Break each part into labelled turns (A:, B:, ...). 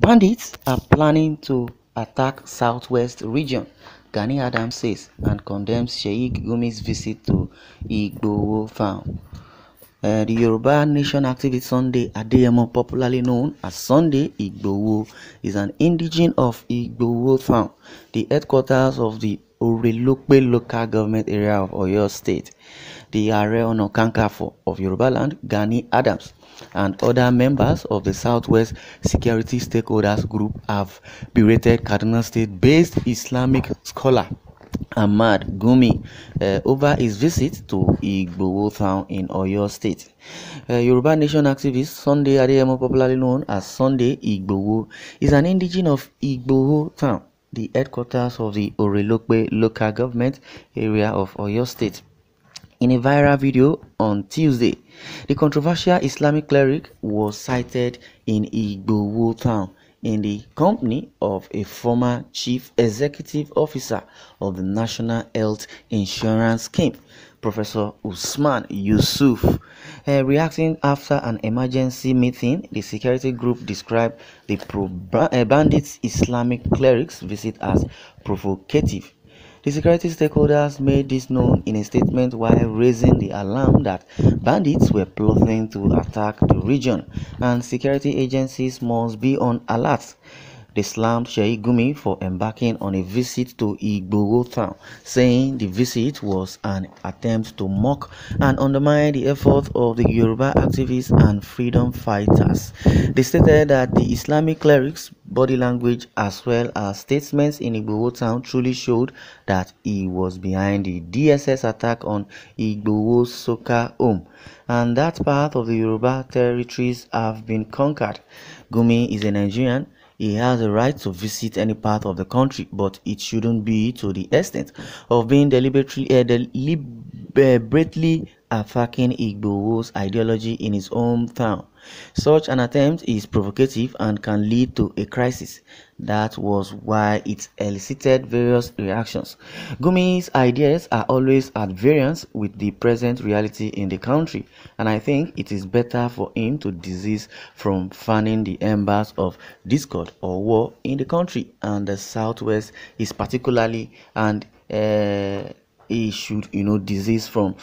A: Bandits are planning to attack southwest region, Gani Adams says, and condemns Sheikh Gumi's visit to Igboho farm. Uh, the Yoruba Nation activist Sunday Adeyemo, popularly known as Sunday Igboho, is an indigene of Igboho town, the headquarters of the Orelokpe local government area of Oyo State. The area on Kankafo of Yoruba land, Gani Adams, and other members of the Southwest Security Stakeholders Group have berated Kaduna State based Islamic scholar Ahmad Gumi uh, over his visit to Igboho town in Oyo State. Uh, Yoruba Nation activist Sunday Adeyemo, popularly known as Sunday Igboho, is an indigene of Igboho town, the headquarters of the Orelokpe local government area of Oyo State. In a viral video on Tuesday, the controversial Islamic cleric was sighted in Igboho town in the company of a former chief executive officer of the National Health Insurance Scheme, Professor Usman Yusuf. Uh, reacting after an emergency meeting, the security group described the pro-bandits uh, Islamic clerics visit as provocative. The security stakeholders made this known in a statement while raising the alarm that bandits were plotting to attack the region and security agencies must be on alert they slammed Sheikh Gumi for embarking on a visit to Igboro town, saying the visit was an attempt to mock and undermine the efforts of the Yoruba activists and freedom fighters. They stated that the Islamic clerics body language as well as statements in Igboho town truly showed that he was behind the DSS attack on Igboho's Soka home and that part of the Yoruba territories have been conquered. Gumi is a Nigerian he has a right to visit any part of the country, but it shouldn't be to the extent of being deliberately, uh, deliberately attacking Igbo's ideology in his hometown. Such an attempt is provocative and can lead to a crisis. That was why it elicited various reactions. Gumi's ideas are always at variance with the present reality in the country, and I think it is better for him to desist from fanning the embers of discord or war in the country and the southwest is particularly and uh, he should you know desist from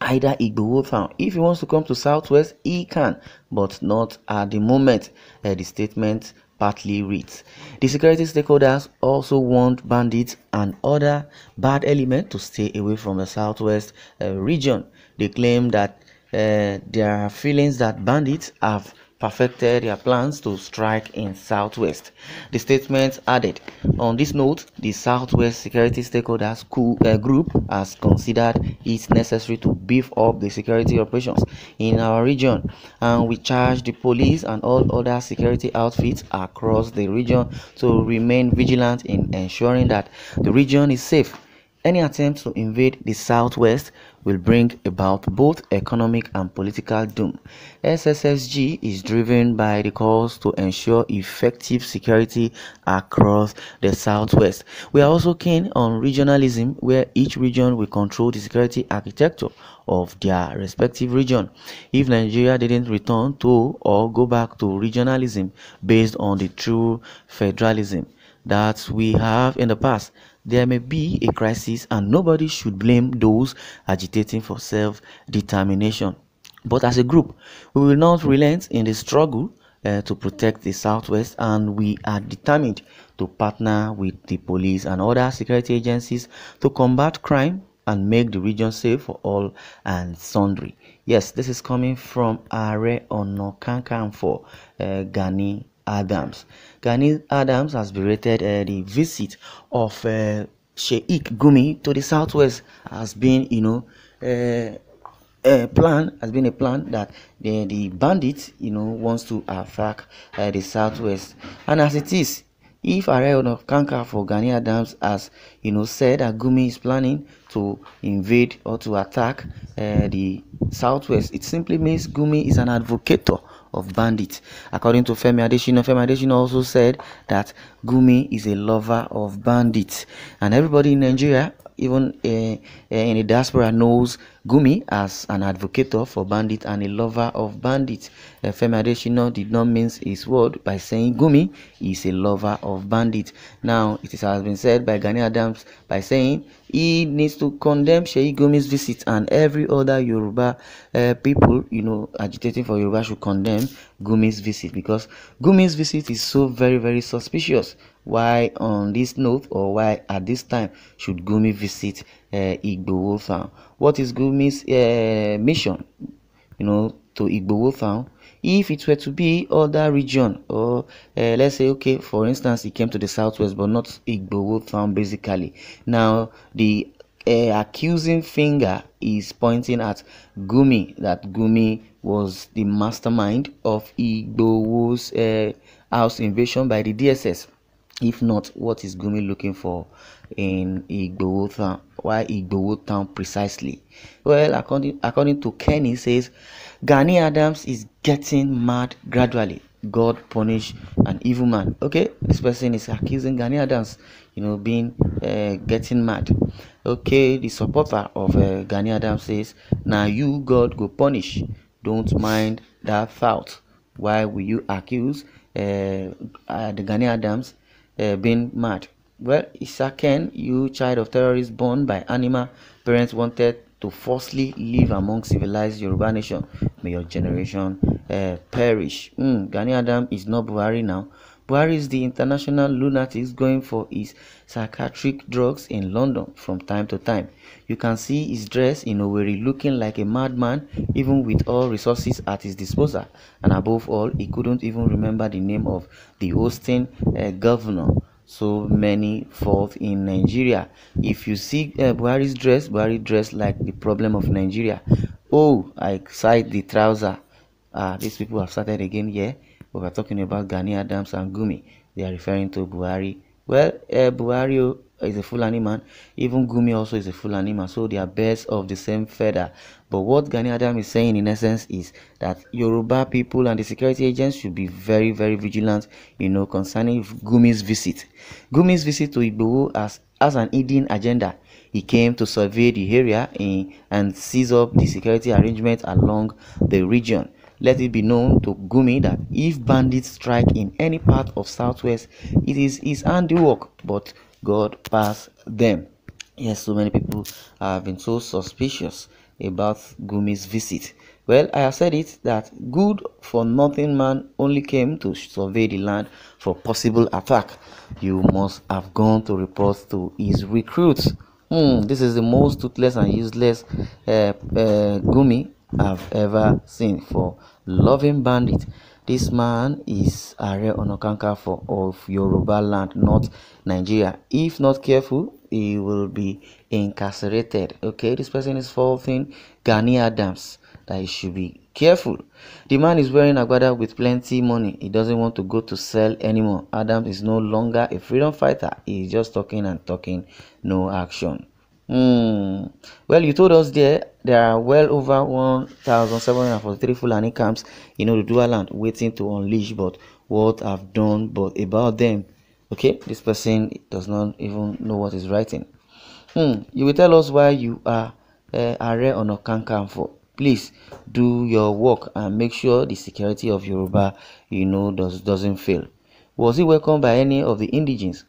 A: either will town. If he wants to come to Southwest, he can, but not at the moment. Uh, the statement partly reads. The security stakeholders also want bandits and other bad elements to stay away from the Southwest uh, eh, region. They claim that uh, eh, there are feelings that bandits have perfected their plans to strike in Southwest. The statement added, on this note, the Southwest Security Stakeholders eh, Group has considered it necessary to beef up the security operations in our region, and we charge the police and all other security outfits across the region to remain vigilant in ensuring that the region is safe any attempt to invade the southwest will bring about both economic and political doom. SSSG is driven by the calls to ensure effective security across the southwest. We are also keen on regionalism, where each region will control the security architecture of their respective region. If Nigeria didn't return to or go back to regionalism based on the true federalism that we have in the past, there may be a crisis, and nobody should blame those agitating for self determination. But as a group, we will not relent in the struggle uh, to protect the Southwest, and we are determined to partner with the police and other security agencies to combat crime and make the region safe for all and sundry. Yes, this is coming from Are Onokankanfo uh, Gani Adams. Gani Adams has berated uh, the visit of uh, Sheikh Gumi to the southwest has been, you know, uh, a plan has been a plan that the, the bandit, you know, wants to attack uh, the southwest. And as it is, if Ariel of Kanka for Ghani Adams has, you know, said that Gumi is planning to invade or to attack uh, the southwest, it simply means Gumi is an advocator of bandits. According to Femi Adesina, Femi Adesina also said that Gumi is a lover of bandits. And everybody in Nigeria, even uh, in the diaspora, knows Gumi, as an advocate for bandits and a lover of bandits, Femi Adesina did not mince his word by saying Gumi is a lover of bandits. Now, it has been said by Gani Adams by saying he needs to condemn Sheyi Gumi's visit and every other Yoruba uh, people, you know, agitating for Yoruba should condemn Gumi's visit because Gumi's visit is so very, very suspicious. Why on this note or why at this time should Gumi visit uh, Igboho Town. What is Gumi's uh, mission, you know, to Igbo Town? If it were to be other region, or uh, let's say, okay, for instance, he came to the southwest, but not Igbo Town, basically. Now, the uh, accusing finger is pointing at Gumi, that Gumi was the mastermind of Igboho's uh, house invasion by the DSS. If not, what is Gumi looking for in Igbo Town? why Igboho town precisely? Well, according, according to Kenny says, Gani Adams is getting mad gradually. God punish an evil man. Okay, this person is accusing Gani Adams, you know, being uh, getting mad. Okay, the supporter of uh, Gani Adams says, Now you, God, go punish. Don't mind that fault. Why will you accuse uh, uh, the Gani Adams uh, being mad? well Isaken, you child of terrorists born by animal parents wanted to falsely live among civilized Yoruba nation. May your generation uh, perish. Mm, Gani Adam is not Buhari now. Buhari is the international lunatic going for his psychiatric drugs in London from time to time. You can see his dress in Owerri looking like a madman even with all resources at his disposal. And above all, he couldn't even remember the name of the hosting uh, governor so many fault in Nigeria. If you see uh, Buhari's dress, Buhari dressed like the problem of Nigeria. Oh, I cite the trouser. Uh, these people have started again here. Yeah? We were talking about Gani Adams and Gumi. They are referring to Buhari Well, uh, Buhari is a full animal. Even Gumi also is a full animal. So they are birds of the same feather. But what Gani Adam is saying in essence is that Yoruba people and the security agents should be very, very vigilant, you know, concerning Gumi's visit. Gumi's visit to Igbo as, as an hidden agenda. He came to survey the area in, and seize up the security arrangement along the region. Let it be known to Gumi that if bandits strike in any part of Southwest, it is his handiwork, but God pass them. Yes, so many people have been so suspicious about Gumi's visit. Well, I have said it that good for nothing man only came to survey the land for possible attack. You must have gone to report to his recruits. Hmm, this is the most toothless and useless uh, uh, Gumi I've ever seen for loving bandit. This man is a Ààrẹ onokanka for of Yoruba land, not Nigeria. If not careful, he will be incarcerated. Okay, this person is faulting Gani Adams that he should be careful. The man is wearing agbada with plenty money. He doesn't want to go to sell anymore. Adams is no longer a freedom fighter. He is just talking and talking, no action. Mm. Well, you told us there there are well over 1,743 Fulani camps in Odudua land waiting to unleash, but what have done but about them? Okay, this person does not even know what is writing. Hmm. You will tell us why you are uh, Are camp for. Please do your work and make sure the security of Yoruba, you know, does doesn't fail. Was he welcomed by any of the indigents?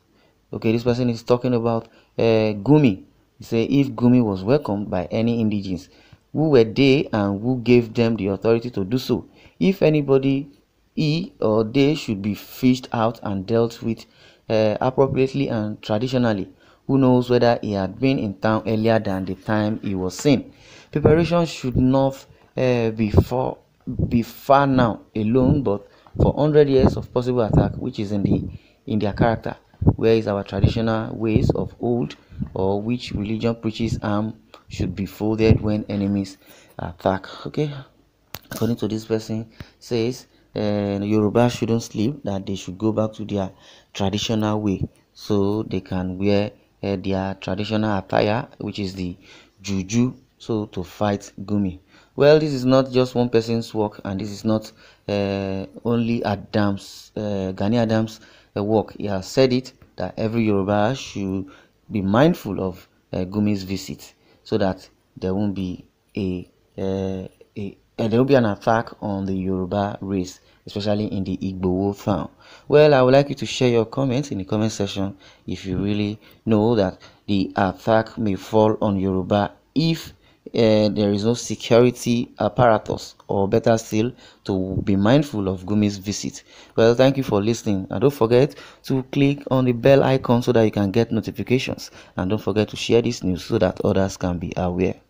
A: Okay, this person is talking about uh, Gumi He said if Gumi was welcomed by any indigenes, who were they and who gave them the authority to do so? If anybody, he or they should be fished out and dealt with uh, appropriately and traditionally. Who knows whether he had been in town earlier than the time he was seen? Preparation should not uh, be, be far now alone, but for 100 years of possible attack, which is in, the, in their character. Where is our traditional ways of old or which religion preaches arm should be folded when enemies attack? Okay, according to this person, says uh, Yoruba shouldn't sleep, that they should go back to their traditional way so they can wear uh, their traditional attire, which is the juju, so to fight gumi. Well, this is not just one person's work, and this is not uh, only Adams, uh, Gani Adams' work. He has said it that every Yoruba should be mindful of uh, Gumi's visit so that there won't be a, uh, a eh, there will be an attack on the Yoruba race, especially in the Igbo town. Well, I would like you to share your comments in the comment section if you really know that the attack may fall on Yoruba if uh, there is no security apparatus, or better still, to be mindful of Gumi's visit. Well, thank you for listening, and don't forget to click on the bell icon so that you can get notifications. And don't forget to share this news so that others can be aware.